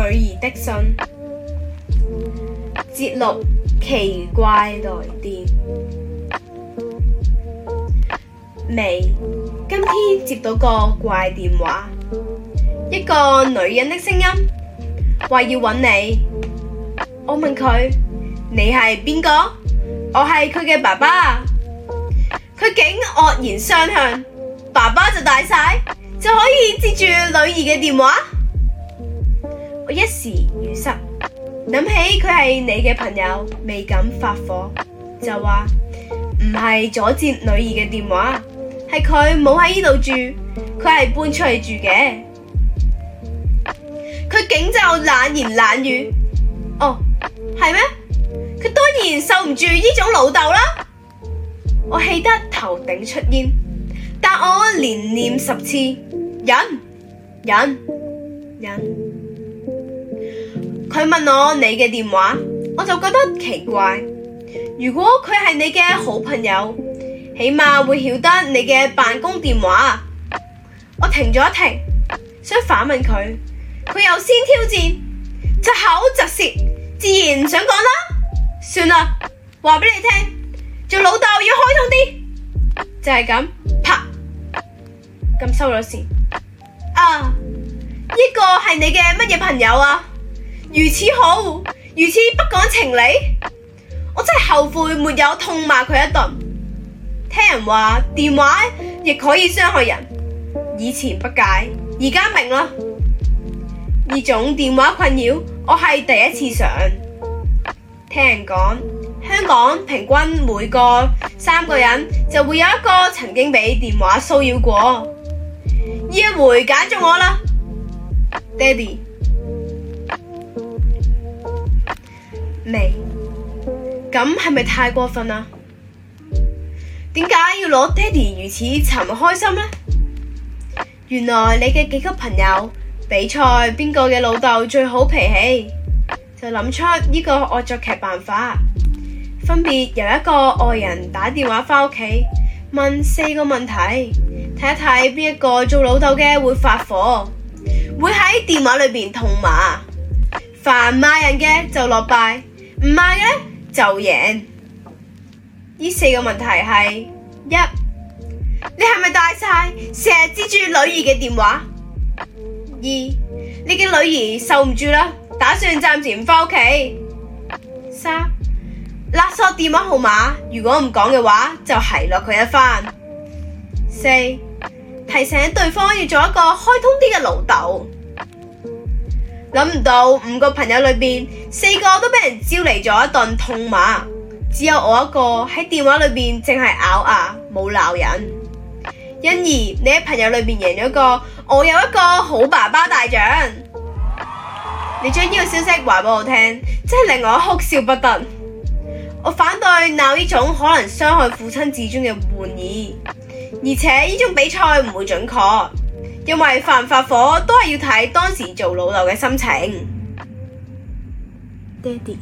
女兒的信，節錄奇怪來電。喂，今天接到個怪電話，一個女人的聲音話要揾你。我問佢：你係邊個？我係佢嘅爸爸。佢竟惡言相向，爸爸就大晒，就可以接住女兒嘅電話。我一時語塞，諗起佢係你嘅朋友，未敢發火，就話唔係阻截女兒嘅電話，係佢冇喺呢度住，佢係搬出去住嘅。佢竟就冷言冷語，哦，係咩？佢當然受唔住呢種老豆啦！我氣得頭頂出煙，但我連念十次忍忍忍。佢問我你嘅電話，我就覺得奇怪。如果佢係你嘅好朋友，起碼會曉得你嘅辦公電話。我停咗一停，想反問佢，佢又先挑戰，就口窒舌，自然唔想講啦。算啦，話俾你聽，做老豆要開通啲，就係咁。啪，咁收咗線。啊，呢個係你嘅乜嘢朋友啊？如此好，如此不講情理，我真係後悔沒有痛罵佢一頓。聽人話，電話亦可以傷害人。以前不解，而家明啦。呢種電話困擾，我係第一次上。聽人講，香港平均每個三個人就會有一個曾經俾電話騷擾過。呢一回揀中我啦，爹哋。未咁係咪太過分呀？點解要攞爹哋如此尋開心呢？原來你嘅幾個朋友比賽邊個嘅老豆最好脾氣，就諗出呢個惡作劇辦法，分別由一個外人打電話返屋企問四個問題，睇一睇邊一個做老豆嘅會發火，會喺電話裏邊痛罵，凡罵人嘅就落敗。唔係嘅就贏。呢四個問題係一，1. 你係咪大晒，成日接住女兒嘅電話？二，你嘅女兒受唔住啦，打算暫時唔返屋企。三，勒索電話號碼，如果唔講嘅話就奚落佢一番？四，提醒對方要做一個開通啲嘅老豆。諗唔到五個朋友裏面，四個都俾人招嚟咗一頓痛罵，只有我一個喺電話裏面淨係咬牙冇鬧人。因而你喺朋友裏面贏咗一個，我有一個好爸爸大獎。你將呢個消息話俾我聽，真係令我哭笑不得。我反對鬧呢種可能傷害父親自尊嘅玩意，而且呢種比賽唔會準確。因為發唔發火都係要睇當時做老豆嘅心情。爹哋